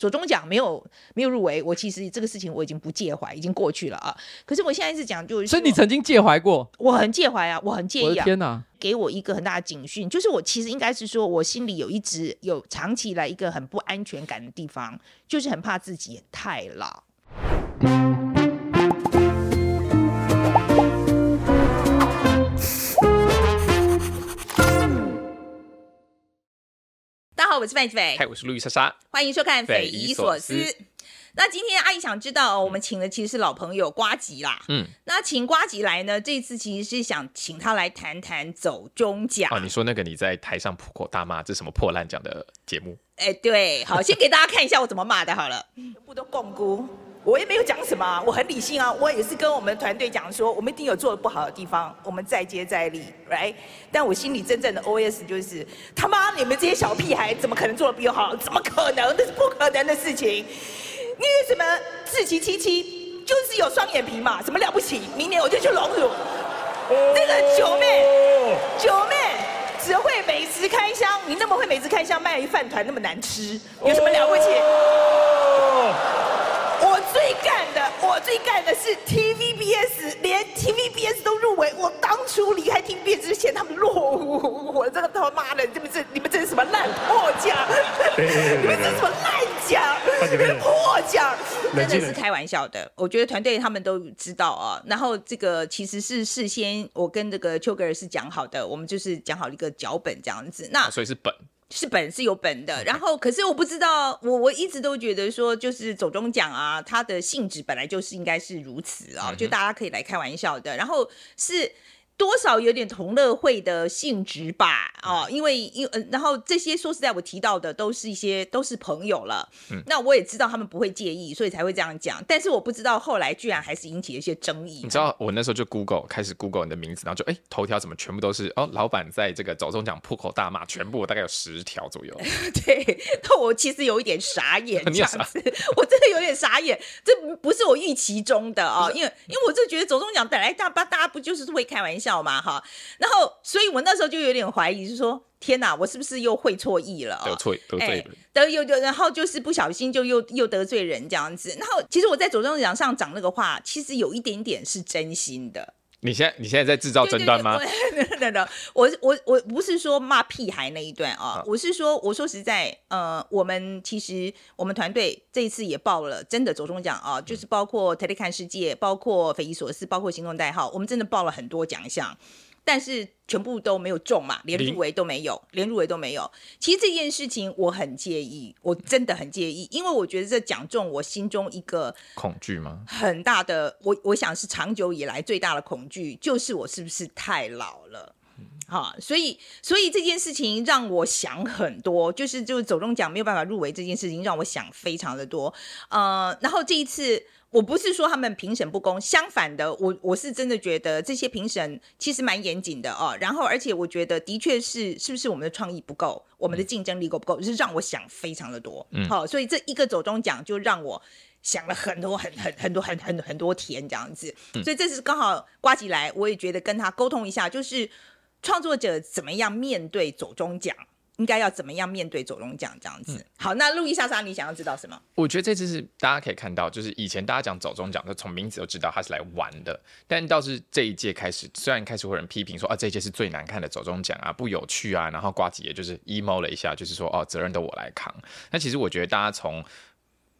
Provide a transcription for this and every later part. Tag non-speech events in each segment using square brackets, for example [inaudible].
走鐘獎沒有沒有入圍，我其實這個事情，我已經不介懷，已經過去了啊。可是我現在一直講，就是所以你曾經介懷過，我很介懷啊，我很介意啊，我天啊給我一個很大的警訊，就是我其實應該是說，我心裡有一直有長期來一個很不安全感的地方，就是很怕自己太老。好，我是范琪斐。嗨，我是路易莎莎。歡迎收看《斐姨所思》。那今天阿姨想知道、哦，我們請的其實是老朋友呱吉啦。嗯，那請呱吉來呢，這次其實是想請他來談談走鐘獎、哦、你說那個你在台上破口大罵，這是什麼破爛獎的節目？哎、欸，對，好，先給大家看一下我怎麼罵的，好了，不得 [laughs] 都共辜。我也沒有講什麼、啊，我很理性啊。我也是跟我們團隊講說，我們一定有做的不好的地方，我們再接再厲，right？但我心裡真正的 OS 就是，他媽你們這些小屁孩怎麼可能做的比我好？怎麼可能？那是不可能的事情。那個什麼志祺七七就是有雙眼皮嘛，什麼了不起？明年我就去隆乳。哦、那個九妹，九妹只會美食開箱，你那麼會美食開箱，賣飯糰那麼難吃，哦、有什麼了不起？哦、我最幹的，我最幹的是 TVBS，連 TVBS 都入圍。我當初離開 TVBS 之前，他們落伍，我這個他媽的，你們這你們這是什麼爛破獎？你們這是什麼爛獎？破獎 [laughs] 真的是開玩笑的，我覺得團隊他們都知道啊、喔。然後這個其實是事先我跟這個丘格爾是講好的，我們就是講好一個腳本這樣子。那、啊、所以是本是本是有本的。然後可是我不知道，我我一直都覺得說就是走鐘獎啊，它的性質本來就是應該是如此啊、喔，嗯、哼就大家可以來開玩笑的。然後是。多少有點同樂會的性質吧，啊、嗯哦，因為因、嗯、然後這些說實在，我提到的都是一些都是朋友了，嗯，那我也知道他們不會介意，所以才會這樣講。但是我不知道後來居然還是引起了一些爭議。你知道我那時候就 Google 開始 Google 你的名字，然後就哎、欸、頭條怎麼全部都是哦，老板在這個走鐘獎破口大罵，全部我大概有十條左右。對，那我其實有一點傻眼，這樣子， [laughs] 有傻 [laughs] 我真的有點傻眼，這不是我預期中的啊、哦是，因為因為我就覺得走鐘獎本來大巴大家不就是會開玩笑。要嘛哈，然後，所以我那時候就有點懷疑，就說天哪，我是不是又會錯意了？得罪得罪，得罪，得又，然後就是不小心就又又得罪人這樣子。然後，其實我在走鐘獎上講那個話，其實有一點點是真心的。你現在你現在在製造爭端嗎？等等對對對，我 [laughs] 我我，我不是說罵屁孩那一段啊，哦、好我是說我說實在，呃，我們其實我們團隊這一次也報了，真的講，走鐘獎啊，就是包括《TODAY 看世界》嗯，包括，包括《斐姨所思》，包括《行動代號》，我們真的報了很多獎項。但是全部都沒有中嘛，連入圍都沒有，林連入圍都沒有。其實這件事情我很介意，我真的很介意，因為我覺得這獎中我心中一個恐懼嗎？很大的，我我想是長久以來最大的恐懼，就是我是不是太老了？哈、嗯啊，所以所以這件事情讓我想很多，就是就走鐘獎沒有辦法入圍這件事情讓我想非常的多。呃，然後這一次。我不是說他們評審不公，相反的，我我是真的覺得這些評審其實蠻嚴謹的哦。然後，而且我覺得的確是，是不是我們的創意不夠，我們的競爭力夠不夠，嗯、是讓我想非常的多。嗯，好、哦，所以這一個走鐘獎就讓我想了很多，很很很多，很很很多天這樣子。嗯、所以這次剛好呱吉來，我也覺得跟他溝通一下，就是創作者怎麼樣面對走鐘獎。應該要怎麼樣面對走鐘獎這樣子？嗯、好，那路易莎莎，你想要知道什麼？我覺得這次是大家可以看到，就是以前大家講走鐘獎，就從名字就知道他是來玩的。但倒是這一屆開始，雖然開始有人批評說啊，這一屆是最難看的走鐘獎啊，不有趣啊，然後呱吉也就是 emo 了一下，就是說哦、啊，責任都我來扛。那其實我覺得大家從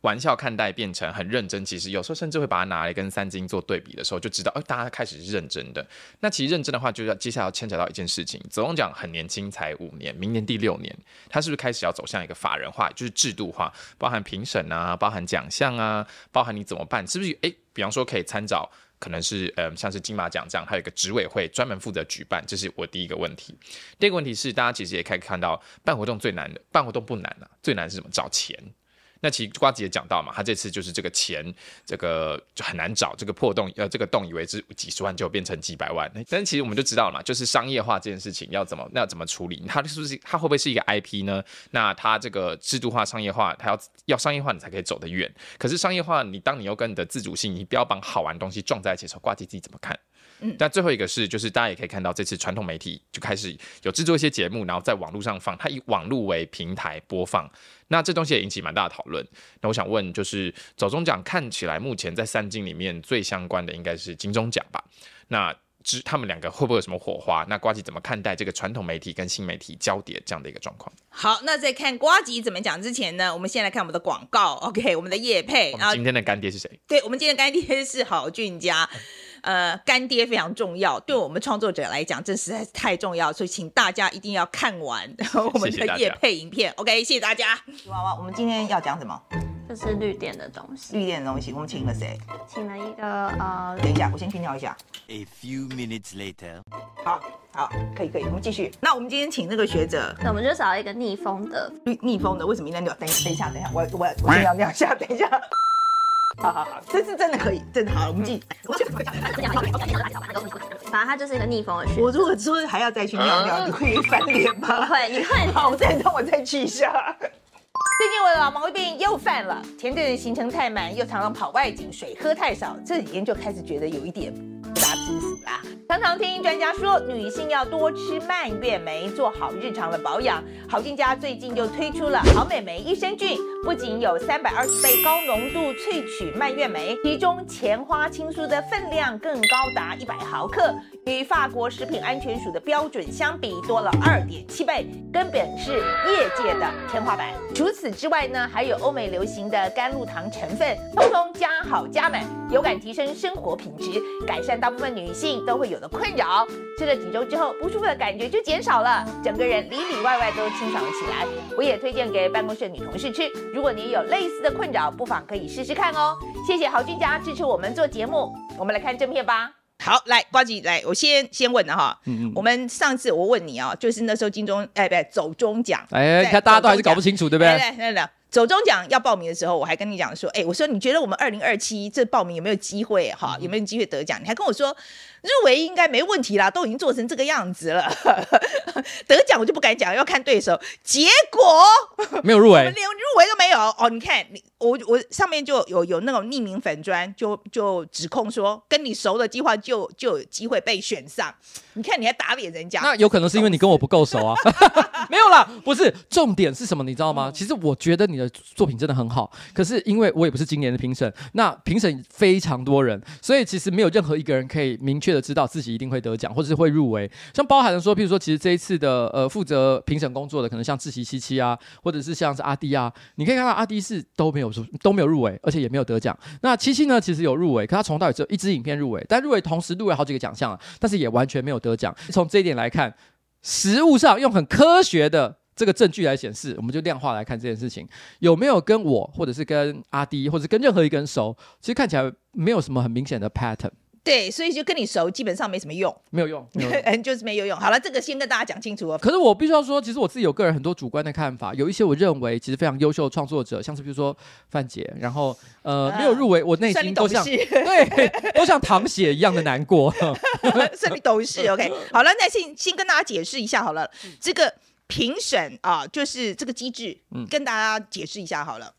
玩笑看待變成很認真，其實有時候甚至會把它拿來跟三金做對比的時候，就知道，哎、欸，大家開始是認真的。那其實認真的話，就要接下來要牽扯到一件事情。走鐘獎講很年輕，才五年，明年第六年，他是不是開始要走向一個法人化，就是制度化？包含評審啊，包含獎項啊，包含你怎麼辦？是不是？哎、欸，比方說可以參照，可能是嗯、呃，像是金馬獎這樣，還有一個執委會專門負責舉辦。這是我第一個問題。第二個問題是，大家其實也可以看到，辦活動最難的，辦活動不難啊，最難是什麼，找錢。那其實呱吉也講到嘛，他這次就是這個錢，這個就很難找，這個破洞呃，這個洞以為是幾十萬，就變成幾百萬。但是其實我們就知道了嘛，就是商業化這件事情要怎麼，那要怎麼處理，它是不是，它會不會是一個 IP 呢？那它這個制度化、商業化，它要，要商業化你才可以走得遠。可是商業化，你當你又跟你的自主性、你標榜好玩的東西撞在一起的時候，呱吉自己怎麼看？嗯、那最後一個是，就是大家也可以看到，這次傳統媒體就開始有制作一些節目，然後在網絡上放，它以網絡為平台播放。那這東西也引起蠻大的討論。那我想問，就是走鐘獎看起來目前在三金裡面最相關的應該是金鐘獎吧？那他們兩個會不會有什麼火花？那呱吉怎麼看待這個傳統媒體跟新媒體交疊這樣的一個狀況？好，那在看呱吉怎麼講之前呢，我們先來看我們的廣告。OK，我們的業配今天的乾爹是誰？對，我們今天的乾爹是好菌家、嗯呃，乾爹非常重要，對我們創作者來講，這實在是太重要，所以請大家一定要看完我們的業配影片。謝謝 OK，謝謝大家。娃娃，我們今天要講什麼？這是綠電的東西。綠電的東西，我們請了誰？請了一個呃，等一下，我先去尿一下。A few minutes later。好，好，可以，可以，我們繼續。那我們今天請那個學者，那、嗯、我們就找一個逆風的。逆逆風的，為什麼應該要尿？等一下，等一下，我我我先要尿一下，等一下。好好好，這次真的可以，真的好，我們自己。反正它就是一個逆風而行。我如果說還要再去尿尿，你會翻臉嗎？會，你很好，我再讓我再去一下。最近我的老毛病又犯了，前陣子行程太滿，又常常跑外景，水喝太少，這幾天就開始覺得有一點不大舒服。常常聽專家說，女性要多吃蔓越莓，做好日常的保養。好菌家最近就推出了好美莓益生菌，不僅有三百二十倍高濃度萃取蔓越莓，其中前花青素的分量更高達一百毫克，與法國食品安全署的標準相比多了二點七倍，根本是業界的天花板。除此之外呢，還有歐美流行的甘露糖成分，通通加好加滿。有感提升生活品質，改善大部分女性都會有的困擾。吃了幾周之後，不舒服的感覺就減少了，整個人裡裡外外都清爽了起來。我也推薦給辦公室的女同事吃。如果你有類似的困擾，不妨可以試試看哦。謝謝好菌家支持我們做節目。我們來看正片吧。好，來，呱吉，來，我先先問了哈。嗯，嗯，我們上次我問你啊、哦，就是那時候金鐘哎，不對哎哎對，走鐘獎哎，你看大家都還是搞不清楚，對不對？來來來。走鐘獎要報名的時候，我還跟你講說，哎、欸，我說你覺得我們二零二七這報名有沒有機會？哈、嗯嗯，有沒有機會得獎？你還跟我說。入圍應該沒問題啦，都已經做成這個樣子了。 [laughs] 得獎我就不敢講，要看對手結果。沒有入圍， [laughs] 連入圍都沒有哦。你看你我我上面就有有那種匿名粉專，就就指控說跟你熟的計劃就就有機會被選上。你看你還打臉人家，那有可能是因為你跟我不夠熟啊。 [laughs] [laughs] 沒有啦，不是，重點是什麼，你知道嗎？嗯，其實我覺得你的作品真的很好，可是因為我也不是今年的評審，那評審非常多人，所以其實沒有任何一個人可以明確。的知道自己一定會得獎，或者是會入圍。像包含說，譬如說，其實這一次的呃，負責評審工作的，可能像志祺七七啊，或者是像是阿滴啊，你可以看到阿滴是都沒有入都沒有入圍，而且也沒有得獎。那七七呢，其實有入圍，可他從到底只有一支影片入圍，但入圍同時入圍好幾個獎項啊，但是也完全沒有得獎。從這一點來看，實物上用很科學的這個證據來顯示，我們就量化來看這件事情有沒有跟我，或者是跟阿滴，或者是跟任何一個人熟，其實看起來沒有什麼很明顯的 pattern。對，所以就跟你熟，基本上沒什麼用，沒有用，嗯， [laughs] 就是沒有用。好了，這個先跟大家講清楚哦。可是我必須要說，其實我自己有個人很多主觀的看法，有一些我認為其實非常優秀的創作者，像是比如說范姐，然後呃、啊、沒有入圍，我內心都像對， [laughs] 都像淌血一樣的難過。算 [laughs] 你 [laughs] 懂事，OK。好了，那先先跟大家解釋一下好了，嗯、這個評審啊，就是這個機制，跟大家解釋一下好了。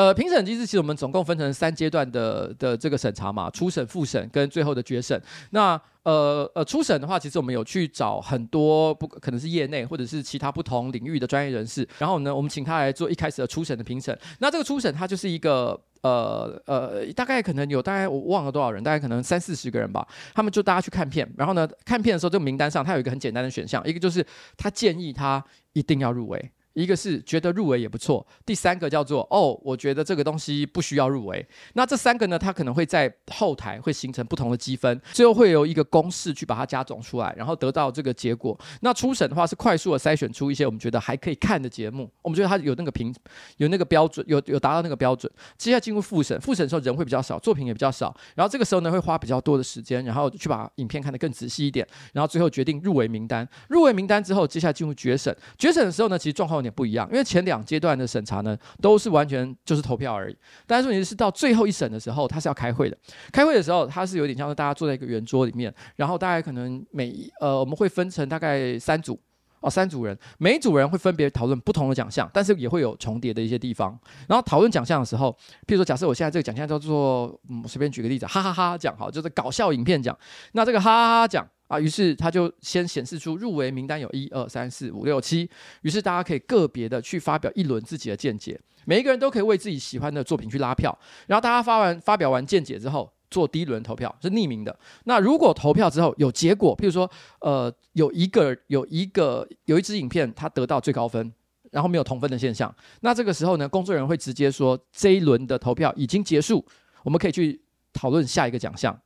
呃，評審機制其實我們總共分成三階段的的這個審查嘛，初審、複審跟最後的決審。那呃呃，初審的話，其實我們有去找很多不，可能是業內或者是其他不同領域的專業人士。然後呢，我們請他來做一開始的初審的評審。那這個初審，他就是一個呃呃，大概可能有大概我忘了多少人，大概可能三四十個人吧。他們就大家去看片，然後呢，看片的時候，這個名單上他有一個很簡單的選項，一個就是他建議他一定要入圍。一個是覺得入圍也不錯，第三個叫做哦，我覺得這個東西不需要入圍。那這三個呢，它可能會在後台會形成不同的積分，最後會有一個公式去把它加總出來，然後得到這個結果。那初審的話是快速的篩選出一些我們覺得還可以看的節目，我們覺得它有那個評有那個標準，有有達到那個標準。接下來進入複審，複審的時候人會比較少，作品也比較少，然後這個時候呢會花比較多的時間，然後去把影片看得更仔細一點，然後最後決定入圍名單。入圍名單之後，接下來進入決審，決審的時候呢，其實狀況。有點不一樣，因為前兩階段的審查呢，都是完全就是投票而已。但是問題是到最後一審的時候，它是要開會的。開會的時候，它是有點像是大家坐在一個圓桌裡面，然後大概可能每呃，我們會分成大概三組哦，三組人，每一組人會分別討論不同的獎項，但是也會有重疊的一些地方。然後討論獎項的時候，比如說假設我現在這個獎項叫做嗯，隨便舉個例子，哈哈哈獎，好，就是搞笑影片獎。那這個哈哈哈獎。啊，於是他就先顯示出入圍名單，有一二三四五六七，於是大家可以個別的去發表一輪自己的見解，每一個人都可以為自己喜歡的作品去拉票。然後大家發完發表完見解之後，做第一輪投票是匿名的。那如果投票之後有結果，譬如說，呃，有一個有一個有一支影片它得到最高分，然後沒有同分的現象，那這個時候呢，工作人員、呃、會直接說這一輪的投票已經結束，我們可以去討論下一個獎項。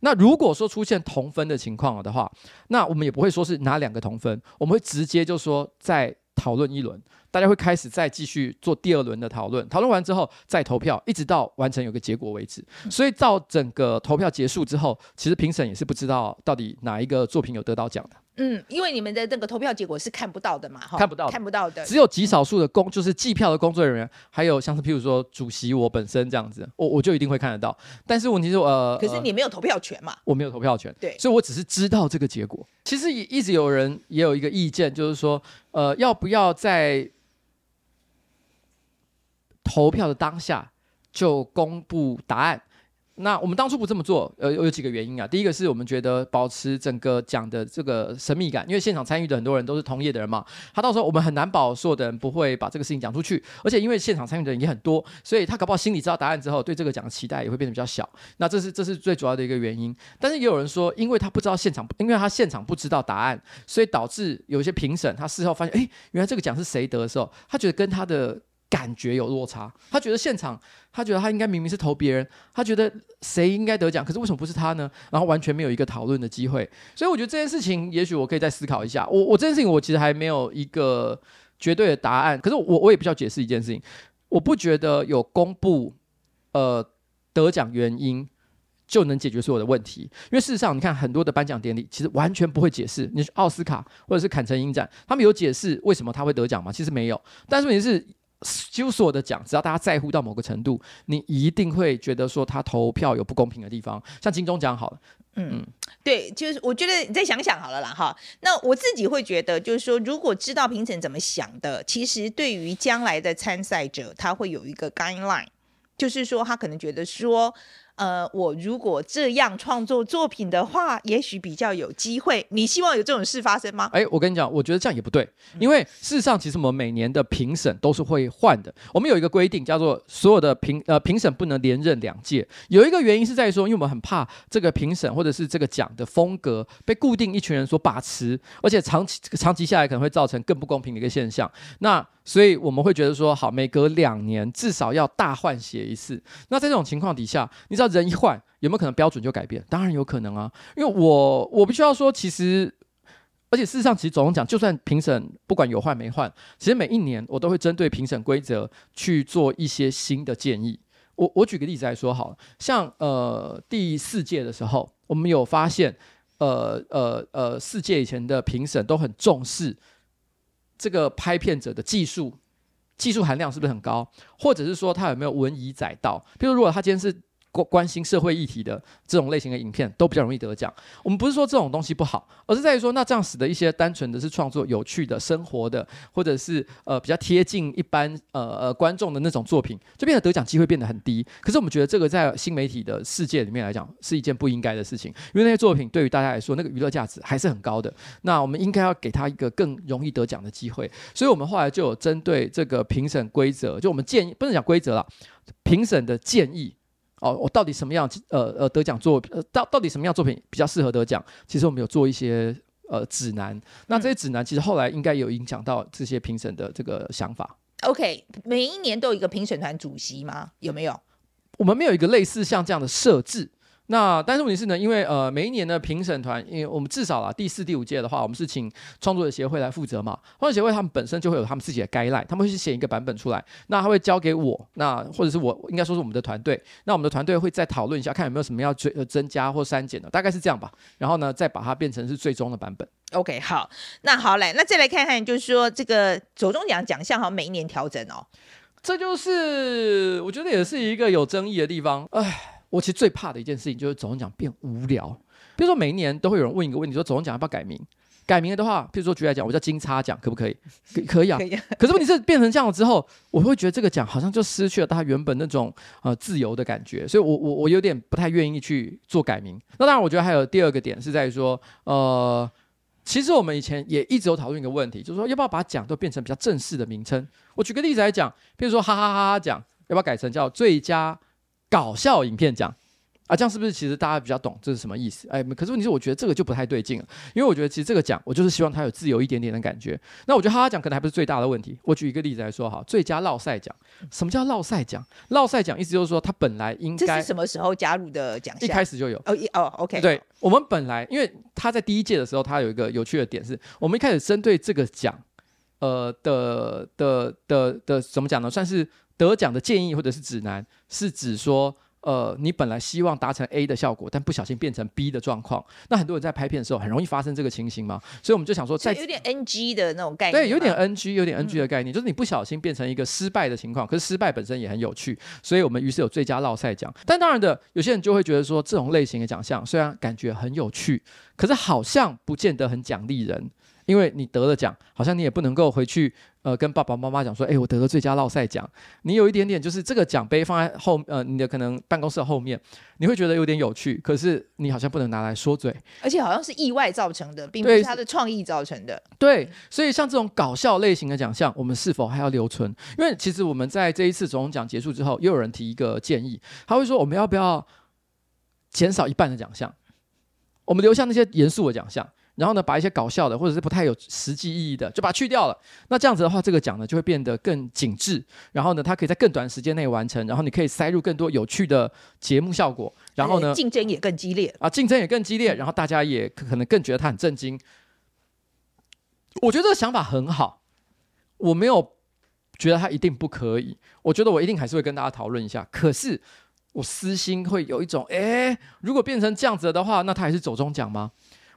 那如果說出現同分的情況的話，那我們也不會說是哪兩個同分，我們會直接就說再討論一輪。大家會開始再繼續做第二輪的討論，討論完之後再投票，一直到完成有個結果為止。嗯，所以到整個投票結束之後，其實評審也是不知道到底哪一個作品有得到獎的。嗯，因為你們的那個投票結果是看不到的嘛，看不到，看不到的。只有極少數的工，就是計票的工作人員，還有像是譬如說主席，我本身這樣子，我我就一定會看得到。但是問題是，呃，可是你沒有投票權嘛？我沒有投票權，對，所以我只是知道這個結果。其實也一直有人也有一個意見，就是說，呃，要不要在投票的當下就公布答案，那我們當初不這麼做，呃，有幾個原因啊。第一個是我們覺得保持整個獎的這個神秘感，因為現場參與的很多人都是同業的人嘛，他到時候我們很難保所有的人不會把這個事情講出去，而且因為現場參與的人也很多，所以他搞不好心裡知道答案之後，對這個獎的期待也會變得比較小。那這是這是最主要的一個原因。但是也有人說，因為他不知道現場，因為他現場不知道答案，所以導致有一些評審他事後發現，誒，原來這個獎是誰得的時候，他覺得跟他的。感覺有落差，他覺得現場，他覺得他應該明明是投別人，他覺得誰應該得獎，可是為什麼不是他呢？然後完全沒有一個討論的機會，所以我覺得這件事情，也許我可以再思考一下。我我這件事情，我其實還沒有一個絕對的答案。可是我我也不需要解釋一件事情，我不覺得有公布呃得獎原因就能解決所有的問題，因為事實上，你看很多的頒獎典禮其實完全不會解釋，你是奧斯卡或者是坎城影展，他們有解釋為什麼他會得獎嗎？其實沒有，但是問題是。就是我的講，只要大家在乎到某個程度，你一定會覺得說他投票有不公平的地方。像金鐘獎好了，嗯，嗯對，就是我覺得你再想想好了啦，哈。那我自己會覺得，就是說如果知道評審怎麼想的，其實對於將來的參賽者，他會有一個概念，就是說他可能覺得說。呃，我如果這樣創作作品的話，也許比較有機會。你希望有這種事發生嗎？誒、欸，我跟你講，我覺得這樣也不對，因為事實上，其實我們每年的評審都是會換的。我們有一個規定，叫做所有的評呃評審不能連任兩屆。有一個原因是在於說，因為我們很怕這個評審或者是這個獎的風格被固定一群人所把持，而且長期長期下來可能會造成更不公平的一個現象。那所以我們會覺得說，好，每隔兩年至少要大換血一次。那在這種情況底下，你知道人一換有沒有可能標準就改變？當然有可能啊。因為我我不需要說，其實而且事實上，其實總，總講，就算評審不管有換沒換，其實每一年我都會針對評審規則去做一些新的建議。我我舉個例子來說，好了，像呃第四屆的時候，我們有發現，呃呃呃，四、呃、屆以前的評審都很重視。這個拍片者的技術，技術含量是不是很高？或者是說他有沒有文以載道？比如說，如果他今天是。關心社會議題的這種類型的影片都比較容易得獎。我們不是說這種東西不好，而是在於說，那這樣使得一些單純的是創作有趣的生活的，或者是呃比較貼近一般呃呃觀眾的那種作品，就變得得獎機會變得很低。可是我們覺得這個在新媒體的世界裡面來講是一件不應該的事情，因為那些作品對於大家來說那個娛樂價值還是很高的。那我們應該要給他一個更容易得獎的機會。所以我們後來就有針對這個評審規則，就我們建議不能講規則了，評審的建議。哦，我到底什麼樣的？呃呃，得獎作到、呃、到底什麼樣作品比較適合得獎？其實我們有做一些呃指南，嗯、那這些指南其實後來應該有影響到這些評審的這個想法。OK，每一年都有一個評審團主席嗎？有沒有？我們沒有一個類似像這樣的設置。那但是問題是呢，因為呃每一年的評審團，因為我們至少啊第四、第五屆的話，我們是請創作者協會來負責嘛。創作者協會他們本身就會有他們自己的 guideline，他們會去寫一個版本出來。那他會交給我，那或者是我應該說是我們的團隊。那我們的團隊會再討論一下，看有沒有什麼要追呃增加或刪減的，大概是這樣吧。然後呢，再把它變成是最終的版本。OK，好，那好嘞，那再來看看就是說這個走鐘獎獎項好，每一年調整哦，這就是我覺得也是一個有爭議的地方，哎。我其實最怕的一件事情就是，走鐘獎變無聊。比如說，每一年都會有人問一個問題，說走鐘獎要不要改名？改名了的話，比如說舉例講，我叫金叉獎，可不可以？可以。可以、啊、 [laughs] 可是問題是，變成這樣了之後，我會覺得這個獎好像就失去了它原本那種呃自由的感覺。所以我我我有點不太願意去做改名。那當然，我覺得還有第二個點是在於說，呃，其實我們以前也一直有討論一個問題，就是說要不要把獎都變成比較正式的名稱？我舉個例子來講，比如說哈哈哈哈獎，要不要改成叫最佳？搞笑影片獎啊，這樣是不是其實大家比較懂這是什麼意思？哎、欸，可是問題是我覺得這個就不太對勁了，因為我覺得其實這個獎我就是希望它有自由一點點的感覺。那我覺得它講可能還不是最大的問題。我舉一個例子來說哈，最佳烙賽獎，什麼叫烙賽獎？烙賽獎意思就是說它本來應該這是什麼時候加入的獎項？一開始就有哦哦 OK。對，我們本來因為它在第一屆的時候，它有一個有趣的點是我們一開始針對這個獎，呃的的的的怎麼講呢？算是。得獎的建議或者是指南，是指說，呃，你本來希望達成 A 的效果，但不小心變成 B 的狀況。那很多人在拍片的時候，很容易發生這個情形嘛。所以我們就想說在，在有點 NG 的那種概念，對，有點 NG，有點 NG 的概念，嗯、就是你不小心變成一個失敗的情況。可是失敗本身也很有趣，所以我們於是有最佳烙賽獎。但當然的，有些人就會覺得說，這種類型的獎項雖然感覺很有趣，可是好像不見得很獎勵人。因為你得了獎，好像你也不能夠回去，呃，跟爸爸媽媽講說，哎、欸，我得了最佳落賽獎。你有一點點，就是這個獎杯放在後，呃，你的可能辦公室的後面，你會覺得有點有趣。可是你好像不能拿來說嘴，而且好像是意外造成的，並不是他的創意造成的對。對，所以像這種搞笑類型的獎項，我們是否還要留存？因為其實我們在這一次走鐘獎結束之後，又有人提一個建議，他會說，我們要不要減少一半的獎項，我們留下那些嚴肅的獎項。然後呢，把一些搞笑的或者是不太有實際意義的，就把它去掉了。那這樣子的話，這個獎呢就會變得更緊緻。然後呢，它可以在更短時間內完成。然後你可以塞入更多有趣的節目效果。然後呢，競爭也更激烈啊，競爭也更激烈。然後大家也可能更覺得它很震驚。嗯，我覺得這個想法很好，我沒有覺得它一定不可以。我覺得我一定還是會跟大家討論一下。可是我私心會有一種，哎，如果變成這樣子的話，那他還是走鐘獎嗎？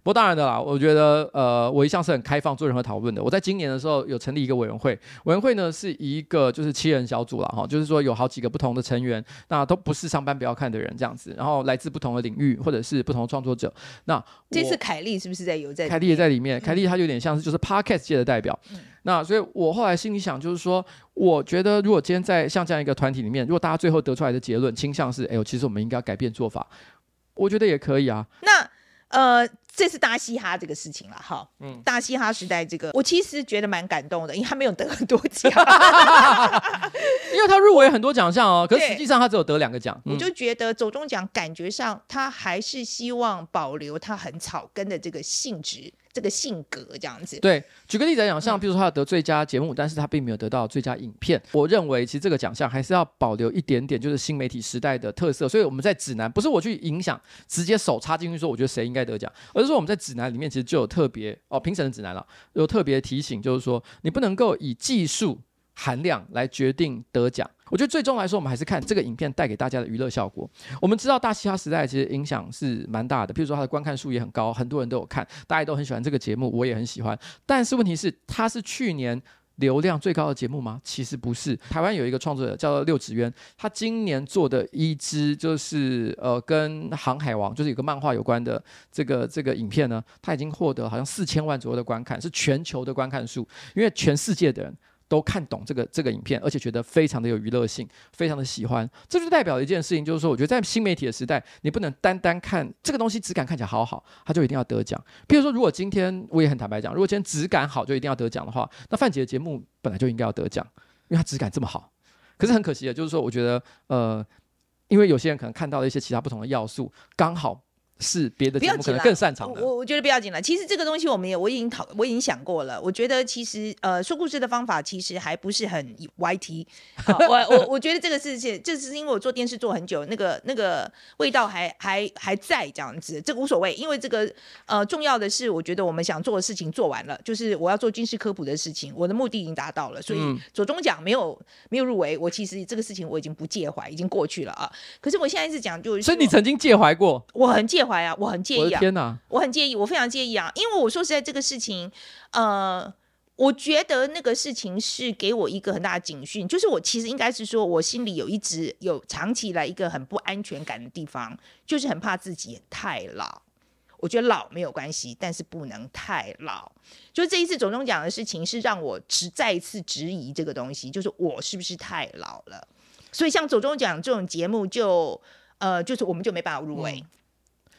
不過當然的啦，我覺得，呃，我一向是很開放做任何討論的。我在今年的時候有成立一個委員會，委員會呢是一個就是七人小組了哈，就是說有好幾個不同的成員，那都不是上班不要看的人這樣子，然後來自不同的領域或者是不同的創作者。那這次凱莉是不是在有在裡面？凱莉也在裡面，凱莉她有點像是就是 podcast 界的代表。嗯、那所以我後來心裡想，就是說，我覺得如果今天在像這樣一個團體裡面，如果大家最後得出來的結論傾向是，哎、欸、呦，其實我們應該要改變做法，我覺得也可以啊。那呃，這是大嘻哈這個事情了，哈，嗯、大嘻哈時代這個，我其實覺得蠻感動的，因為他沒有得很多獎， [laughs] [laughs] 因為他入圍很多獎項哦，我可實際上他只有得兩個獎，我對、嗯、就覺得走鐘獎感覺上他還是希望保留他很草根的這個性質。這個性格這樣子，對，舉個例子來講，像譬如說他得最佳節目，嗯、但是他並沒有得到最佳影片。我認為其實這個獎項還是要保留一點點，就是新媒體時代的特色。所以我們在指南，不是我去影響，直接手插進去說我覺得誰應該得獎，而是說我們在指南裡面其實就有特別，哦，評審的指南了、啊，有特別提醒，就是說你不能夠以技術含量來決定得獎，我覺得最終來說，我們還是看這個影片帶給大家的娛樂效果。我們知道《大嘻哈時代》其實影響是蠻大的，譬如說它的觀看數也很高，很多人都有看，大家都很喜歡這個節目，我也很喜歡。但是問題是，它是去年流量最高的節目嗎？其實不是。台灣有一個創作者叫做六指淵，他今年做的一支就是呃，跟《航海王》就是有個漫畫有關的這個這個影片呢，他已經獲得好像四千萬左右的觀看，是全球的觀看數，因為全世界的人。都看懂這個這個影片，而且覺得非常的有娛樂性，非常的喜歡，這就代表一件事情，就是說，我覺得在新媒體的時代，你不能單單看這個東西質感看起來好好，它就一定要得獎。比如說，如果今天我也很坦白講，如果今天質感好就一定要得獎的話，那范姐的節目本來就應該要得獎，因為它質感這麼好。可是很可惜的，就是說，我覺得呃，因為有些人可能看到了一些其他不同的要素，剛好，是別的節目可能更擅長的，我我覺得不要緊了。其實這個東西我們也我已經討我已經想過了。我覺得其實呃說故事的方法其實還不是很 YT、啊。我我我覺得這個事情，這，就是因為我做電視做很久，那個那個味道還還還在這樣子。這個無所謂，因為這個呃重要的是，我覺得我們想做的事情做完了，就是我要做軍事科普的事情，我的目的已經達到了，所以走鐘獎沒有沒有入圍，我其實這個事情我已經不介懷，已經過去了啊。可是我現在是講就是，所以你曾經介懷過，我很介懷。我很介意啊！我的天哪，我很介意，我非常介意啊！因為我說實在，這個事情，呃，我覺得那個事情是給我一個很大的警訊，就是我其實應該是說，我心裡有一直有長期來一個很不安全感的地方，就是很怕自己太老。我覺得老沒有關係，但是不能太老。就這一次走鐘獎的事情，是讓我執再一次質疑這個東西，就是我是不是太老了？所以像走鐘獎這種節目就，就呃，就是我們就沒辦法入圍。嗯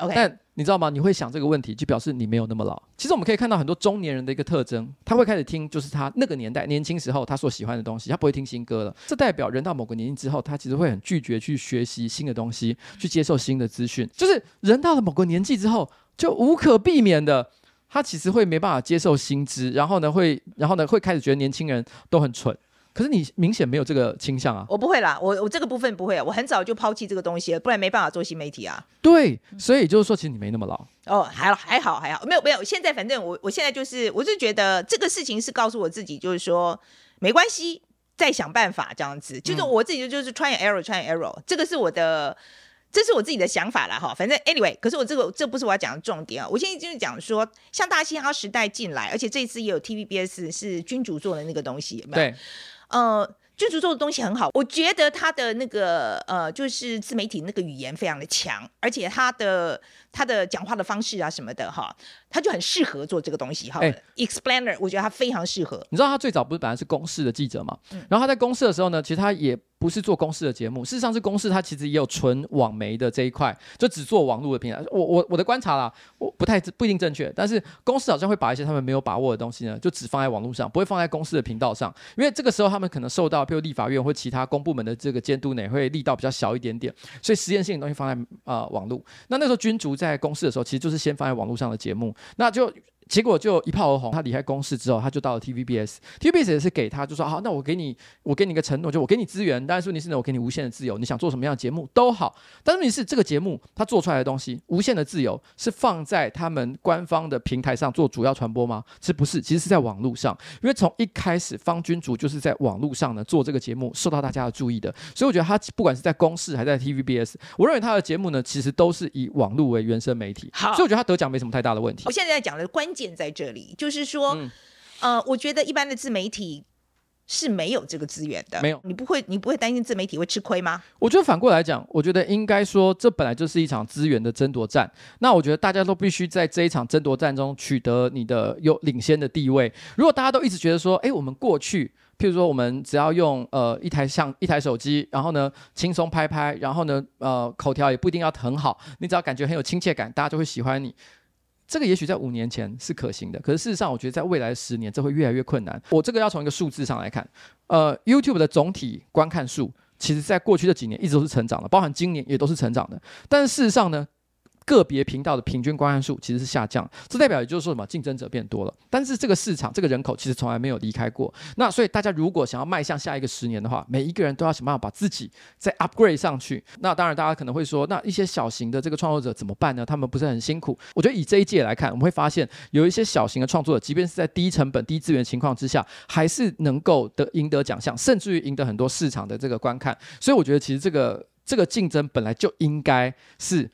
Okay. 但你知道嗎？你會想這個問題，就表示你沒有那麼老。其實我們可以看到很多中年人的一個特徵，他會開始聽就是他那個年代年輕時候他所喜歡的東西，他不會聽新歌了。這代表人到某個年紀之後，他其實會很拒絕去學習新的東西，去接受新的資訊。就是人到了某個年紀之後，就無可避免的，他其實會沒辦法接受新知，然後呢會，然後呢會開始覺得年輕人都很蠢。可是你明顯沒有這個傾向啊！我不會啦，我我這個部分不會，我很早就拋棄這個東西了，不然沒辦法做新媒體啊。對，所以就是說，其實你沒那麼老。嗯。哦，還還好還好，沒有沒有。現在反正我我現在就是，我就覺得這個事情是告訴我自己，就是說沒關係，再想辦法這樣子。就是我自己就就是 try and error try and error，這個是我的，這是我自己的想法了哈。反正 anyway，可是我這個這個，不是我要講的重點啊。我現在就是講說，像大嘻哈時代進來，而且這一次也有 TVBS 是君主做的那個東西，有沒有？對。呃，君竹做的東西很好，我覺得他的那個呃，就是自媒體那個語言非常的強，而且他的。他的講話的方式啊什麼的哈，他就很適合做這個東西哈。哎，explainer 我覺得他非常適合。你知道他最早不是本來是公視的記者嘛？嗯。然後他在公視的時候呢，其實他也不是做公視的節目，事實上是公視他其實也有純網媒的這一塊，就只做網絡的平台。我我我的觀察啦，我不太不一定正確，但是公視好像會把一些他們沒有把握的東西呢，就只放在網絡上，不會放在公視的頻道上，因為這個時候他們可能受到譬如立法院或其他公部門的這個監督呢，也會力道比較小一點點，所以實驗性的東西放在啊、呃、網絡。那那時候君主。在公示的時候，其實就是先放在網絡上的節目，那就。結果就一炮而紅。他離開公視之後，他就到了 TVBS。TVBS 也是給他，就說好、啊，那我給你，我給你一個承諾，就我給你資源。但是問題是呢，我給你無限的自由，你想做什麼樣的節目都好。但是問題是，這個節目他做出來的東西，無限的自由是放在他們官方的平台上做主要傳播嗎？是不是，其實是在網絡上。因為從一開始，方君竹就是在網絡上呢做這個節目，受到大家的注意的。所以我覺得他不管是在公視還是在 TVBS，我認為他的節目呢，其實都是以網絡為原生媒體。好所以我覺得他得獎沒什麼太大的問題。我現在在講的關鍵。變在這裡，就是說，嗯、呃，我覺得一般的自媒體是沒有這個資源的。沒有，你不會，你不會擔心自媒體會吃虧嗎？我覺得反過來講，我覺得應該說，這本來就是一場資源的爭奪戰。那我覺得大家都必須在這一場爭奪戰中取得你的有領先的地位。如果大家都一直覺得說，哎，我們過去，譬如說，我們只要用呃一台像一台手機，然後呢輕鬆拍拍，然後呢呃口條也不一定要很好，你只要感覺很有親切感，大家就會喜歡你。這個也許在五年前是可行的，可是事實上，我覺得在未來十年，這會越來越困難。我這個要從一個數字上來看，呃，YouTube 的總體觀看數，其實在過去的幾年一直都是成長的，包含今年也都是成長的。但是事實上呢？個別頻道的平均觀看數其實是下降，這代表也就是說什麼？競爭者變多了。但是這個市場這個人口其實從來沒有離開過。那所以大家如果想要邁向下一個十年的話，每一個人都要想辦法把自己再 upgrade 上去。那當然，大家可能會說，那一些小型的這個創作者怎麼辦呢？他們不是很辛苦？我覺得以這一屆來看，我們會發現有一些小型的創作者，即便是在低成本、低資源情況之下，還是能夠得贏得獎項，甚至於贏得很多市場的這個觀看。所以我覺得其實這個這個競爭本來就應該是。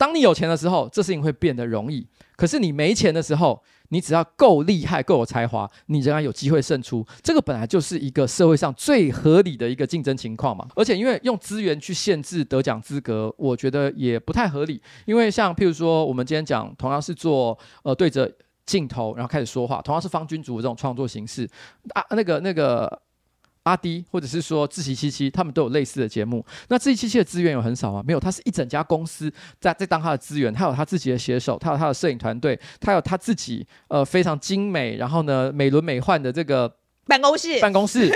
當你有錢的時候，這事情會變得容易。可是你沒錢的時候，你只要夠厲害、夠有才華，你仍然有機會勝出。這個本來就是一個社會上最合理的一個競爭情況嘛。而且，因為用資源去限制得獎資格，我覺得也不太合理。因為像譬如說，我們今天講同樣是做呃對着鏡頭，然後開始說話，同樣是方君主的這種創作形式啊，那個那個。阿滴，或者是說志祺七七，他們都有類似的節目。那志祺七七的資源有很少啊，沒有，他是一整家公司在在當他的資源，他有他自己的寫手，他有他的攝影團隊，他有他自己呃非常精美，然後呢美輪美奐的這個辦公室辦公室，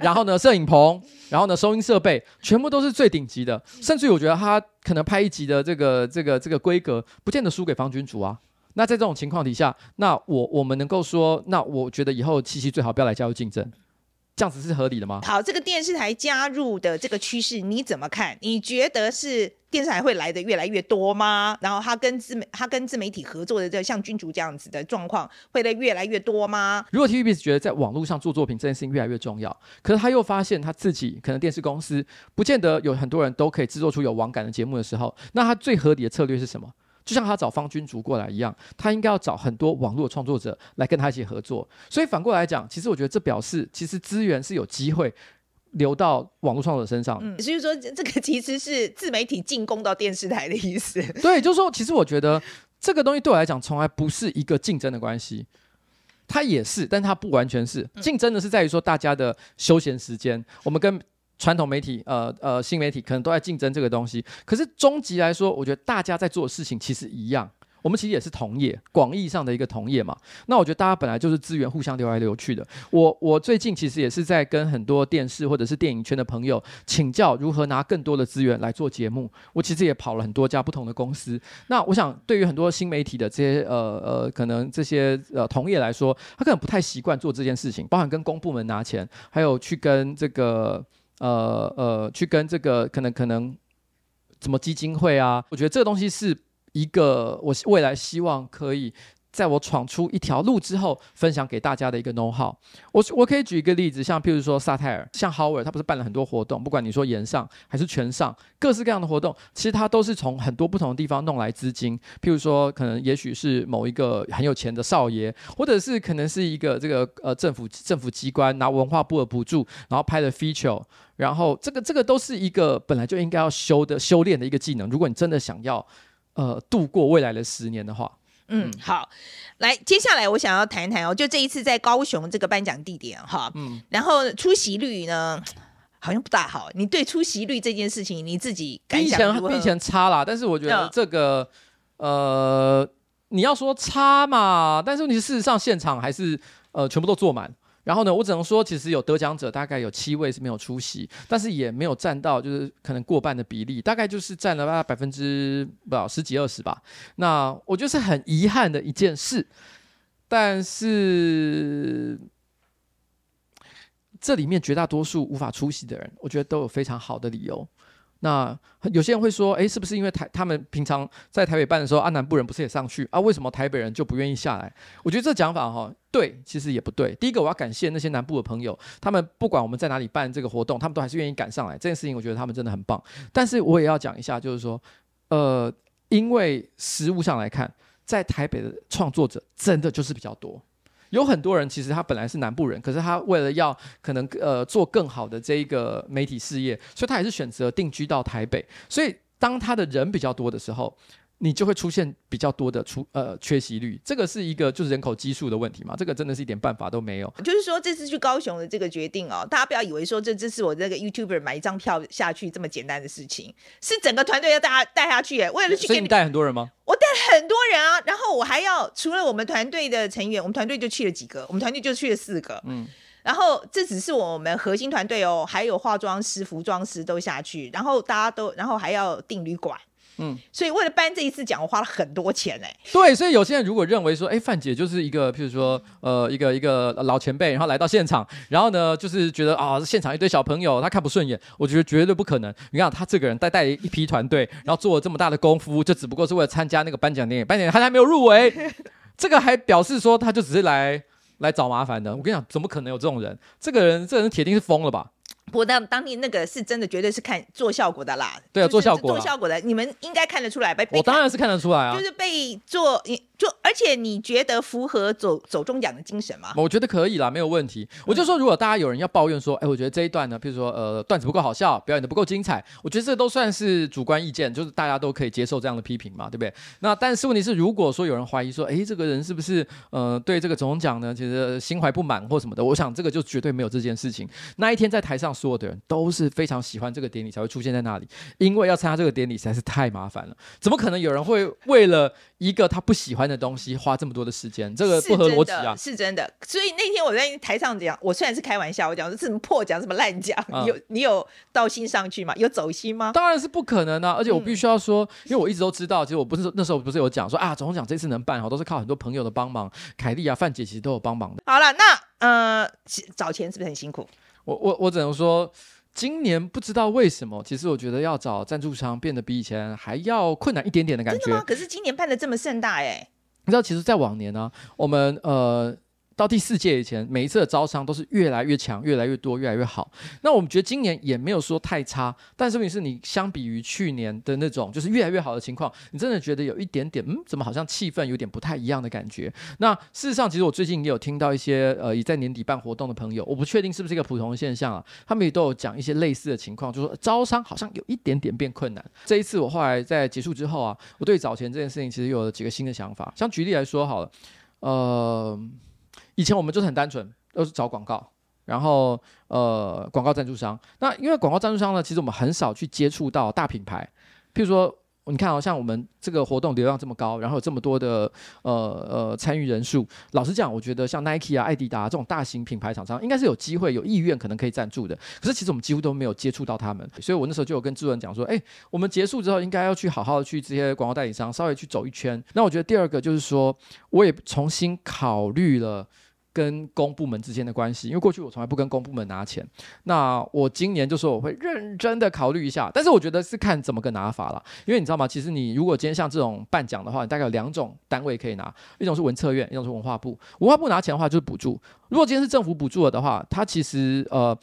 然後呢攝影棚， [laughs] 然後呢收音設備，全部都是最頂級的。甚至於我覺得他可能拍一集的這個這個這個規格，不見得輸給方君主啊。那在這種情況底下，那我我們能夠說，那我覺得以後七七最好不要來加入競爭。這樣子是合理的嗎？好，這個電視台加入的這個趨勢你怎麼看？你覺得是電視台會來的越來越多嗎？然後他跟自媒他跟自媒體合作的這像君主這樣子的狀況會的越來越多嗎？如果 TVBS 覺得在網絡上做作品這件事情越來越重要，可是他又發現他自己可能電視公司不見得有很多人都可以制作出有網感的節目的時候，那他最合理的策略是什麼？就像他找方君竹過來一樣，他應該要找很多網絡創作者來跟他一起合作。所以反過來講，其實我覺得這表示，其實資源是有機會流到網絡創作者身上。嗯，所以說，這個其實是自媒體進攻到電視台的意思。對，就是說，其實我覺得這個東西對我來講，從來不是一個競爭的關係。他也是，但他不完全是。競爭的是在於說，大家的休閒時間，我們跟。傳統媒體，呃呃，新媒體可能都在競爭這個東西。可是終極來說，我覺得大家在做的事情其實一樣。我們其實也是同業，廣義上的一個同業嘛。那我覺得大家本來就是資源互相流來流去的。我我最近其實也是在跟很多電視或者是電影圈的朋友請教如何拿更多的資源來做節目。我其實也跑了很多家不同的公司。那我想，對於很多新媒體的這些呃呃，可能這些呃同業來說，他可能不太習慣做這件事情，包含跟公部門拿錢，還有去跟這個。呃呃，去跟這個可能可能什麼基金會啊，我覺得這個東西是一個，我未來希望可以。在我闖出一條路之後，分享給大家的一個 know how，我我可以舉一個例子，像譬如說薩泰爾，像 Howard 他不是辦了很多活動，不管你說延上還是全上，各式各樣的活動，其實他都是從很多不同的地方弄來資金，譬如說可能也許是某一個很有錢的少爺，或者是可能是一個這個呃政府政府機關拿文化部的補助，然後拍的 feature，然後這個這個都是一個本來就應該要修的修煉的一個技能，如果你真的想要呃度過未來的十年的話。嗯，好，來，接下來我想要談一談哦，就這一次在高雄這個頒獎地點哈，嗯，然後出席率呢，好像不大好。你對出席率這件事情你自己感想如何？比以前，比以前差啦，但是我覺得這個，嗯、呃，你要說差嘛，但是問題是事實上現場還是呃全部都坐滿。然後呢，我只能說，其實有得獎者大概有七位是沒有出席，但是也沒有占到就是可能過半的比例，大概就是占了大概百分之不知道十幾二十吧。那我就是很遺憾的一件事，但是這裡面絕大多數無法出席的人，我覺得都有非常好的理由。那有些人會說，哎，是不是因為台他們平常在台北辦的時候，啊，南部人不是也上去啊？為什麼台北人就不願意下來？我覺得這講法哈、哦，對，其實也不對。第一個，我要感謝那些南部的朋友，他們不管我們在哪裡辦這個活動，他們都還是願意趕上來。這件事情，我覺得他們真的很棒。但是我也要講一下，就是說，呃，因為實務上來看，在台北的創作者真的就是比較多。有很多人其實他本來是南部人，可是他為了要可能呃做更好的這一個媒體事業，所以他也是選擇定居到台北。所以當他的人比較多的時候，你就會出現比較多的出呃缺席率，這個是一個就是人口基數的問題嘛，這個真的是一點辦法都沒有。就是說這次去高雄的這個決定哦，大家不要以為說這這是我這個 YouTuber 買一張票下去這麼簡單的事情，是整個團隊要大家帶他去耶，為了去給所以，你帶很多人嗎？我帶了很多人啊，然後我還要除了我們團隊的成員，我們團隊就去了幾個，我們團隊就去了四個，嗯，然後這只是我們核心團隊哦，還有化妝師、服裝師都下去，然後大家都，然後還要訂旅館。嗯，所以為了頒這一次獎，我花了很多錢哎、欸。對，所以有些人如果認為說，哎、欸，范姐就是一個，譬如說，呃，一個一個、呃、老前輩，然後來到現場，然後呢，就是覺得啊、呃，現場一堆小朋友，他看不順眼，我覺得絕對不可能。你看他這個人帶帶一批團隊，然後做了這麼大的功夫，就只不過是為了參加那個頒獎典禮，頒獎典禮他還沒有入圍， [laughs] 這個還表示說，他就只是來來找麻煩的。我跟你講，怎麼可能有這種人？這個人，這個人鐵定是瘋了吧？不，當當地那個是真的，絕對是看做效果的啦。對啊，做效果，做效果的，果你們應該看得出來唄。被我當然是看得出來啊，就是被做。就而且你覺得符合走走鐘獎的精神嗎？我覺得可以啦，沒有問題。我就說，如果大家有人要抱怨說，哎、嗯，我覺得這一段呢，譬如說呃，段子不夠好笑，表演的不夠精彩，我覺得這都算是主觀意見，就是大家都可以接受這樣的批評嘛，對不對？那但是問題是，如果說有人懷疑說，哎，這個人是不是呃對這個鐘獎呢，其實心懷不滿或什麼的，我想這個就絕對沒有這件事情。那一天在台上，所有的人都是非常喜歡這個典禮才會出現在那裡，因為要參加這個典禮實在是太麻煩了，怎麼可能有人會為了一個他不喜歡？的東西花這麼多的時間，這個不合邏輯啊是！是真的，所以那天我在台上講，我雖然是開玩笑，我講這是什麼破獎什麼爛獎，嗯、你有你有到心上去嗎？有走心嗎？當然是不可能啊！而且我必須要說，嗯、因為我一直都知道，其實我不是那時候不是有講說啊，走鐘獎這次能辦，好都是靠很多朋友的幫忙，凱麗啊、范姐其實都有幫忙的。好了，那呃找錢是不是很辛苦？我我我只能說，今年不知道為什麼，其實我覺得要找贊助商變得比以前還要困難一點點的感覺。真的嗎？可是今年辦得這麼盛大哎、欸。你知道，其實，在往年呢、啊，我們呃。到第四屆以前，每一次的招商都是越來越強、越來越多、越來越好。那我們覺得今年也沒有說太差，但是問題是，你相比於去年的那種就是越來越好的情況，你真的覺得有一點點，嗯，怎麼好像氣氛有點不太一樣的感覺？那事實上，其實我最近也有聽到一些，呃，也在年底辦活動的朋友，我不確定是不是一個普通現象啊，他們也都有講一些類似的情況，就說招商好像有一點點變困難。這一次我後來在結束之後啊，我對早前這件事情其實有了幾個新的想法。像舉例來說好了，呃。以前我們就很單純，都是找廣告，然後呃廣告贊助商。那因為廣告贊助商呢，其實我們很少去接觸到大品牌，譬如說你看啊，哦，像我們這個活動流量這麼高，然後有這麼多的呃呃參與人數。老實講，我覺得像 Nike 啊，愛迪達，啊，這種大型品牌廠商，應該是有機會，有意願，可能可以贊助的。可是其實我們幾乎都沒有接觸到他們，所以我那時候就有跟志文講說，哎，欸，我們結束之後應該要去好好的去這些廣告代理商稍微去走一圈。那我覺得第二個就是說，我也重新考慮了。跟公部門之間的關係，因為過去我從來不跟公部門拿錢，那我今年就說我會認真的考慮一下，但是我覺得是看怎麼個拿法了，因為你知道嗎？其實你如果今天像這種辦獎的話，大概有兩種單位可以拿，一種是文策院，一種是文化部。文化部拿錢的話就是補助，如果今天是政府補助了的話，它其實呃。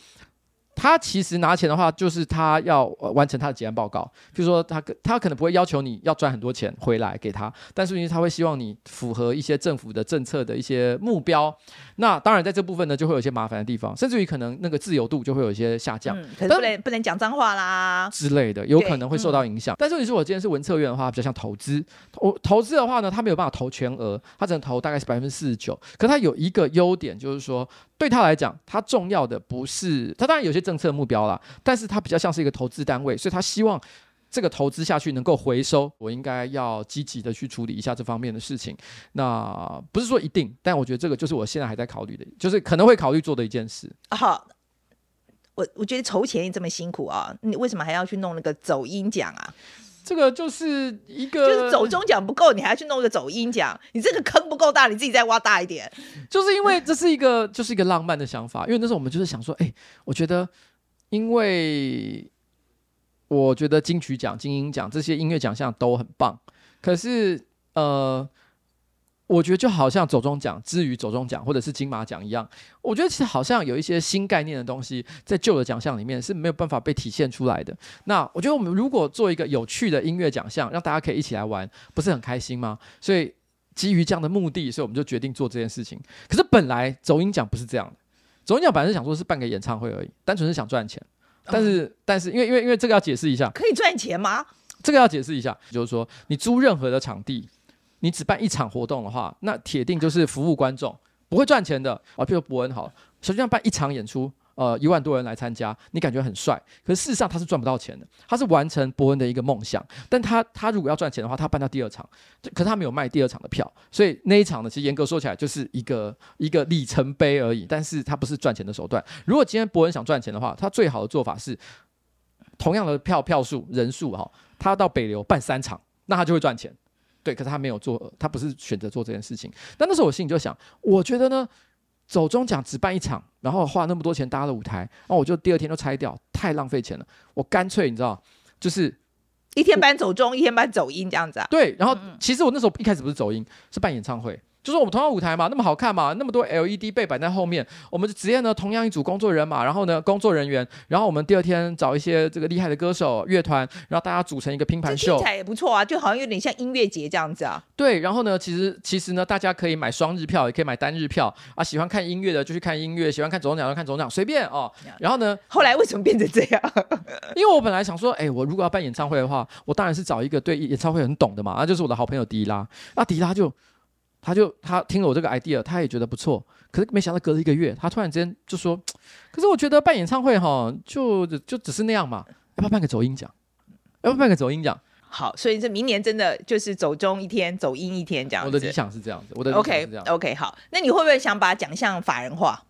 他其實拿錢的話，就是他要、呃、完成他的結案報告。就是說，他，他他可能不會要求你要賺很多錢回來給他，但是因為他會希望你符合一些政府的政策的一些目標。那當然，在這部分呢，就會有一些麻煩的地方，甚至於可能那個自由度就會有一些下降。嗯、不能但不能講髒話啦之類的，有可能會受到影響。嗯、但是你說我今天是文策院的話，比較像投資，投投資的話呢，他沒有辦法投全額，他只能投大概是百分之四十九。可他有一個優點就是說，對他來講，他重要的不是他，當然有些政策目標啦，但是他比較像是一個投資單位，所以他希望這個投資下去能夠回收，我應該要積極的去處理一下這方面的事情。那不是說一定，但我覺得這個就是我現在還在考慮的，就是可能會考慮做的一件事。好、哦，我我覺得籌錢也這麼辛苦啊，你為什麼還要去弄那個走音獎啊？這個就是一個，就是走鐘獎不夠，你還要去弄一個走音獎，你這個坑不夠大，你自己再挖大一點。就是因為這是一個， [laughs] 就是一個浪漫的想法。因為那時候我們就是想說，哎、欸，我覺得，因為我覺得金曲獎、金音獎這些音樂獎項都很棒，可是，呃。我覺得就好像走鐘獎之於走鐘獎，或者是金馬獎一樣。我覺得其實好像有一些新概念的東西，在舊的獎項裡面是沒有辦法被體現出來的。那我覺得我們如果做一個有趣的音樂獎項，讓大家可以一起來玩，不是很開心嗎？所以基於這樣的目的，所以我們就決定做這件事情。可是本來走音獎不是這樣的，走音獎本來是想說是辦個演唱會而已，單純是想賺錢。但是但是因為因為因為這個要解釋一下，可以賺錢嗎？這個要解釋一下，就是說你租任何的場地。你只辦一場活動的話，那鐵定就是服務觀眾，不會賺錢的。啊、哦，比如博恩好，實際上辦一場演出，呃，一萬多人來參加，你感覺很帥。可事實上他是賺不到錢的，他是完成博恩的一個夢想。但他他如果要賺錢的話，他辦到第二場，可是他沒有賣第二場的票，所以那一場呢，其實嚴格說起來就是一個一個里程碑而已。但是他不是賺錢的手段。如果今天博恩想賺錢的話，他最好的做法是同樣的票票數人數哈、哦，他到北流辦三場，那他就會賺錢。對，可是他沒有做，他不是選擇做這件事情。但那，那時候我心裡就想，我覺得呢，走鐘獎只辦一場，然後花那麼多錢搭了舞台，然後我就第二天就拆掉，太浪費錢了。我乾脆你知道，就是一天辦走鐘，我一天辦走音這樣子啊。對，然後其實我那時候一開始不是走音，是辦演唱會。就是我們同樣舞台嘛，那麼好看嘛，那麼多 LED 背板在後面。我們的職業呢，同樣一組工作人員。然後呢，工作人員，然後我們第二天找一些這個厲害的歌手樂團，然後大家組成一個拼盤秀，聽起來也不錯啊，就好像有點像音樂節這樣子啊。對，然後呢，其實其實呢，大家可以買雙日票，也可以買單日票啊。喜歡看音樂的就去看音樂，喜歡看走鐘獎就看走鐘獎，隨便哦。然後呢，後來為什麼變成這樣？ [laughs] 因為我本來想說，哎，我如果要辦演唱會的話，我當然是找一個對演唱會很懂的嘛，那就是我的好朋友迪拉。那迪拉就。他就他聽了我這個 idea，他也覺得不錯。可是沒想到隔了一個月，他突然之間就說：“可是我覺得辦演唱會哈，就就只是那樣嘛，要不要辦個走音獎？要不要辦個走音獎？”好，所以這明年真的就是走鐘一天，走音一天這樣子。我的理想是這樣子，我的理想是這樣子。Okay, OK 好。那你會不會想把獎項法人化？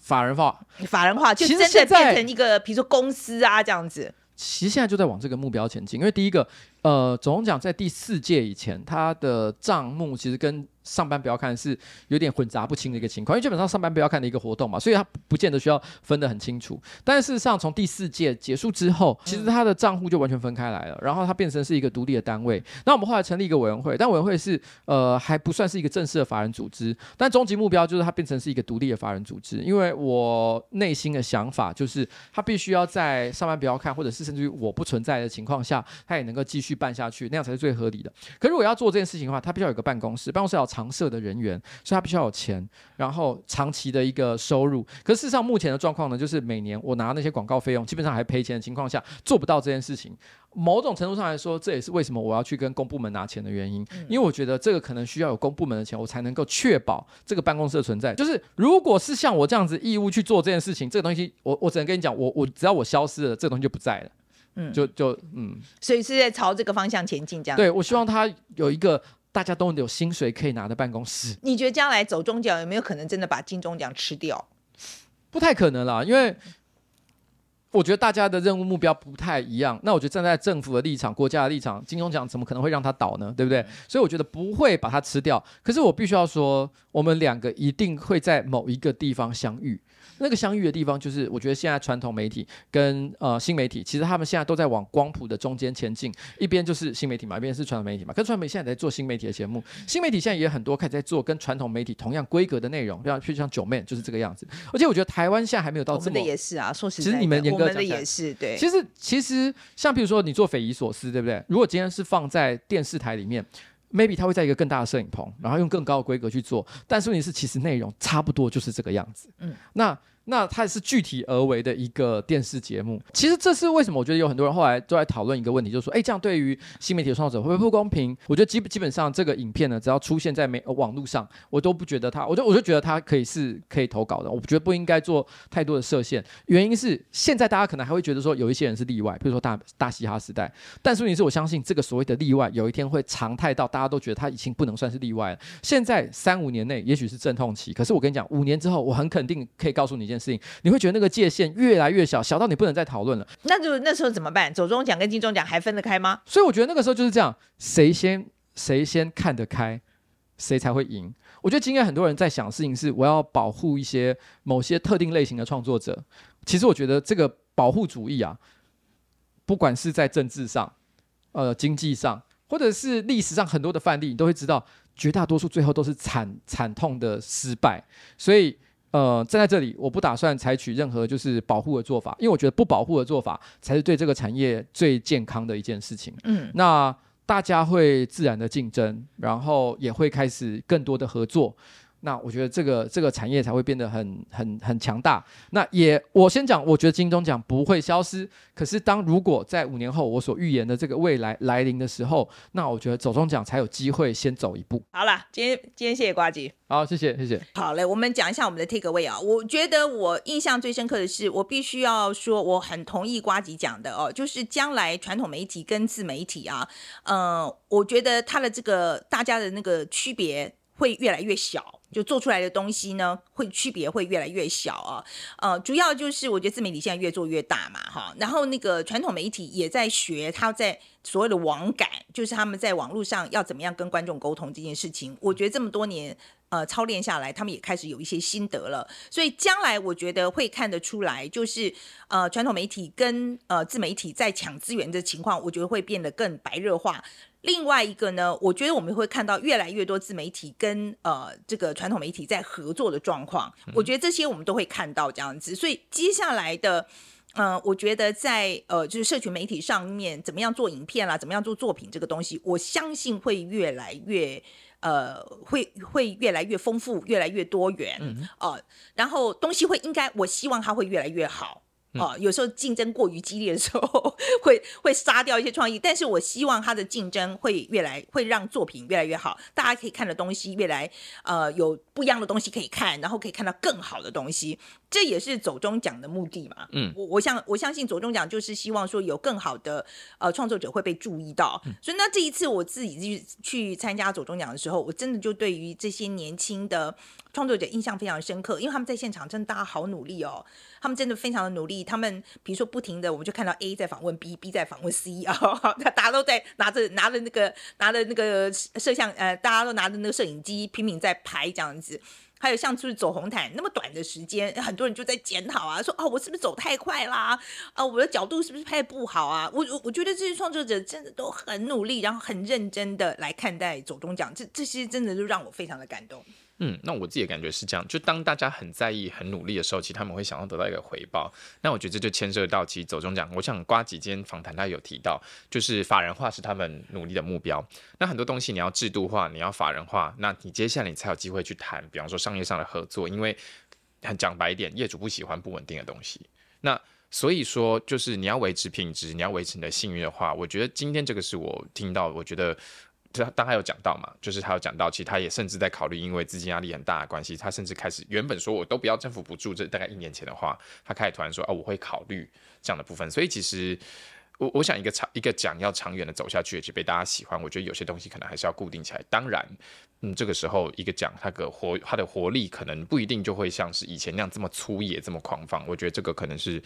法人化，法人化就真的變成一個，比如說公司啊這樣子。其實現在就在往這個目標前進，因為第一個。呃，總講，在第四屆以前，他的賬目其實跟上班不要看是有點混雜不清的一個情況，因為基本上上班不要看的一個活動嘛，所以他不見得需要分得很清楚。但事實上，從第四屆結束之後，其實他的賬戶就完全分開來了，然後它變成是一個獨立的單位。那我們後來成立一個委員會，但委員會是呃還不算是一個正式的法人組織，但終極目標就是它變成是一個獨立的法人組織。因為我內心的想法就是，它必須要在上班不要看，或者是甚至於我不存在的情況下，它也能夠繼續辦下去，那樣才是最合理的。可如果要做這件事情的話，他必須要有個辦公室，辦公室要有常設的人員，所以他必須要有錢，然後長期的一個收入。可是事實上，目前的狀況呢，就是每年我拿那些廣告費用，基本上還賠錢的情況下，做不到這件事情。某種程度上來說，這也是為什麼我要去跟公部門拿錢的原因，嗯、因為我覺得這個可能需要有公部門的錢，我才能夠確保這個辦公室的存在。就是如果是像我這樣子義務去做這件事情，這個東西我，我我只能跟你講，我我只要我消失了，這個東西就不在了。嗯，就就嗯，所以是在朝這個方向前進，這樣。對，我希望他有一個大家都有薪水可以拿的辦公室。嗯、你覺得將來走鐘獎有沒有可能真的把金鐘獎吃掉？不太可能啦，因為我覺得大家的任務目標不太一樣。那我覺得站在政府的立場、國家的立場，金鐘獎怎麼可能會讓它倒呢？對不對？嗯、所以我覺得不會把它吃掉。可是我必須要說，我們兩個一定會在某一個地方相遇。那個相遇的地方，就是我覺得現在傳統媒體跟呃新媒體，其實他們現在都在往光譜的中間前進。一邊就是新媒體嘛，一邊是傳統媒體嘛。跟傳統媒體現在也在做新媒體的節目，新媒體現在也很多開始在做跟傳統媒體同樣規格的內容，就像九妹就是這個樣子。而且我覺得台灣現在還沒有到真的也其啊，其實你們嚴格講也是對。其實其實像比如說你做匪夷所思，對不對？如果今天是放在電視台裡面。maybe 他會在一個更大的攝影棚，然後用更高的規格去做，但是問題是，其實內容差不多就是這個樣子。嗯，那。那它是具體而微的一個電視節目，其實這是為什麼？我覺得有很多人後來都在討論一個問題，就是說，哎，這樣對於新媒體的創作者會不會不公平？我覺得基基本上這個影片呢，只要出現在媒網絡上，我都不覺得它，我就我就覺得它可以是可以投稿的。我覺得不應該做太多的設限。原因是現在大家可能還會覺得說有一些人是例外，比如說大大嘻哈時代。但是問題是我相信這個所謂的例外，有一天會常態到大家都覺得它已經不能算是例外了。現在三五年內也許是陣痛期，可是我跟你講，五年之後，我很肯定可以告訴你。事情，你會覺得那個界限越來越小，小到你不能再討論了。那就那時候怎麼辦？走鐘獎跟金鐘獎還分得開嗎？所以我覺得那個時候就是這樣，誰先誰先看得開，誰才會贏。我覺得今天很多人在想的事情是，我要保護一些某些特定類型的創作者。其實我覺得這個保護主義啊，不管是在政治上、呃經濟上，或者是歷史上很多的範例，你都會知道，絕大多數最後都是慘慘痛的失敗。所以。呃，站在這裡，我不打算採取任何就是保護的做法，因為我覺得不保護的做法才是對這個產業最健康的一件事情。嗯，那大家會自然的競爭，然後也會開始更多的合作。那我覺得這個這個產業才會變得很很很強大。那也，我先講，我覺得金鐘獎不會消失。可是，當如果在五年後我所預言的這個未來來臨的時候，那我覺得走鐘獎才有機會先走一步。好啦，今天今天謝謝呱吉。好，謝謝謝謝。好嘞，我們講一下我們的 take away 啊。我覺得我印象最深刻的是，我必須要說，我很同意呱吉講的哦，就是將來傳統媒體跟自媒體啊，嗯、呃，我覺得它的這個大家的那個區別會越來越小。就做出來的東西呢，會區別會越來越小啊、哦，呃，主要就是我覺得自媒體現在越做越大嘛，哈，然後那個傳統媒體也在學，他在所謂的網感，就是他們在網絡上要怎麼樣跟觀眾溝通這件事情，我覺得這麼多年呃操練下來，他們也開始有一些心得了，所以將來我覺得會看得出來，就是呃傳統媒體跟呃自媒體在搶資源的情況，我覺得會變得更白熱化。另外一個呢，我覺得我們會看到越來越多自媒體跟呃這個傳統媒體在合作的狀況，嗯、我覺得這些我們都會看到這樣子。所以接下來的，呃我覺得在呃就是社群媒體上面，怎麼樣做影片啦，怎麼樣做作品這個東西，我相信會越來越呃會會越來越豐富，越來越多元哦、嗯呃。然後東西會應該，我希望它會越來越好。哦，有時候競爭過於激烈的時候，會會殺掉一些創意。但是我希望它的競爭會越來會讓作品越來越好，大家可以看的東西越來呃有不一樣的東西可以看，然後可以看到更好的東西。這也是走鐘獎的目的嘛。嗯，我我相我相信走鐘獎就是希望說有更好的呃創作者會被注意到。嗯、所以那這一次我自己去去參加走鐘獎的時候，我真的就對於這些年輕的。創作者印象非常深刻，因為他們在現場真的大家好努力哦，他們真的非常的努力。他們比如說不停的，我們就看到 A 在訪問 B，B 在訪問 C 哦，大家都在拿着拿着那個拿着那個攝像呃，大家都拿着那個攝影機拼命在拍這樣子。還有像出去走紅毯那麼短的時間，很多人就在檢討啊，說哦，我是不是走太快啦？啊、呃、我的角度是不是拍不好啊？我我我覺得這些創作者真的都很努力，然後很認真的來看待走鐘獎，這這些真的就讓我非常的感動。嗯，那我自己的感覺是這樣，就當大家很在意、很努力的時候，其實他們會想要得到一個回報。那我覺得這就牽涉到其實走鐘獎。我想呱吉今天訪談，他有提到，就是法人化是他們努力的目標。那很多東西你要制度化，你要法人化，那你接下來你才有機會去談，比方說商業上的合作，因為很講白一點，業主不喜歡不穩定的東西。那所以說，就是你要維持品質，你要維持你的信譽的話，我覺得今天這個是我聽到，我覺得。他當然有講到嘛，就是他有講到，其實他也甚至在考慮，因為資金壓力很大的關係，他甚至開始原本說我都不要政府補助，這大概一年前的話，他開始突然說啊、哦，我會考慮這樣的部分。所以其實我我想一個長一個獎要長遠的走下去，也是被大家喜歡，我覺得有些東西可能還是要固定起來。當然，嗯，這個時候一個獎，他的活他的活力可能不一定就會像是以前那樣這麼粗野、這麼狂放。我覺得這個可能是。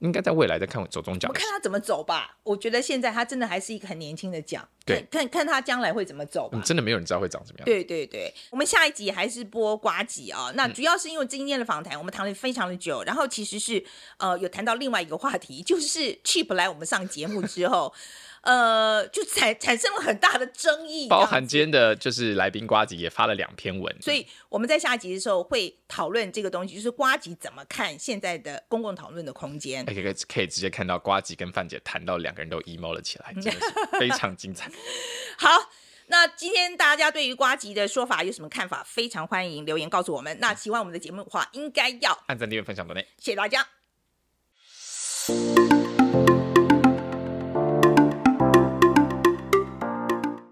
應該在未來再看我走鐘獎，我看他怎麼走吧。我覺得現在他真的還是一個很年輕的獎，對，看看他將來會怎麼走吧、嗯。真的沒有人知道會長怎麼樣。對對對，我們下一集還是播呱吉啊。那主要是因為今天的訪談我們談了非常的久，嗯、然後其實是呃有談到另外一個話題，就是 Chip 來我們上節目之後。 [laughs] 呃，就產產生了很大的爭議，包含今天的就是來賓呱吉也發了兩篇文，所以我們在下一集的時候會討論這個東西，就是呱吉怎麼看現在的公共討論的空間。欸，可以可以可以直接看到呱吉跟范姐談到兩個人都 emo 了起來，真的是非常精彩。 [laughs] [laughs] 好，那今天大家對於呱吉的說法有什麼看法？非常歡迎留言告訴我們。那喜歡我們的節目的話應，應該要按讚訂閱分享國內，謝謝大家。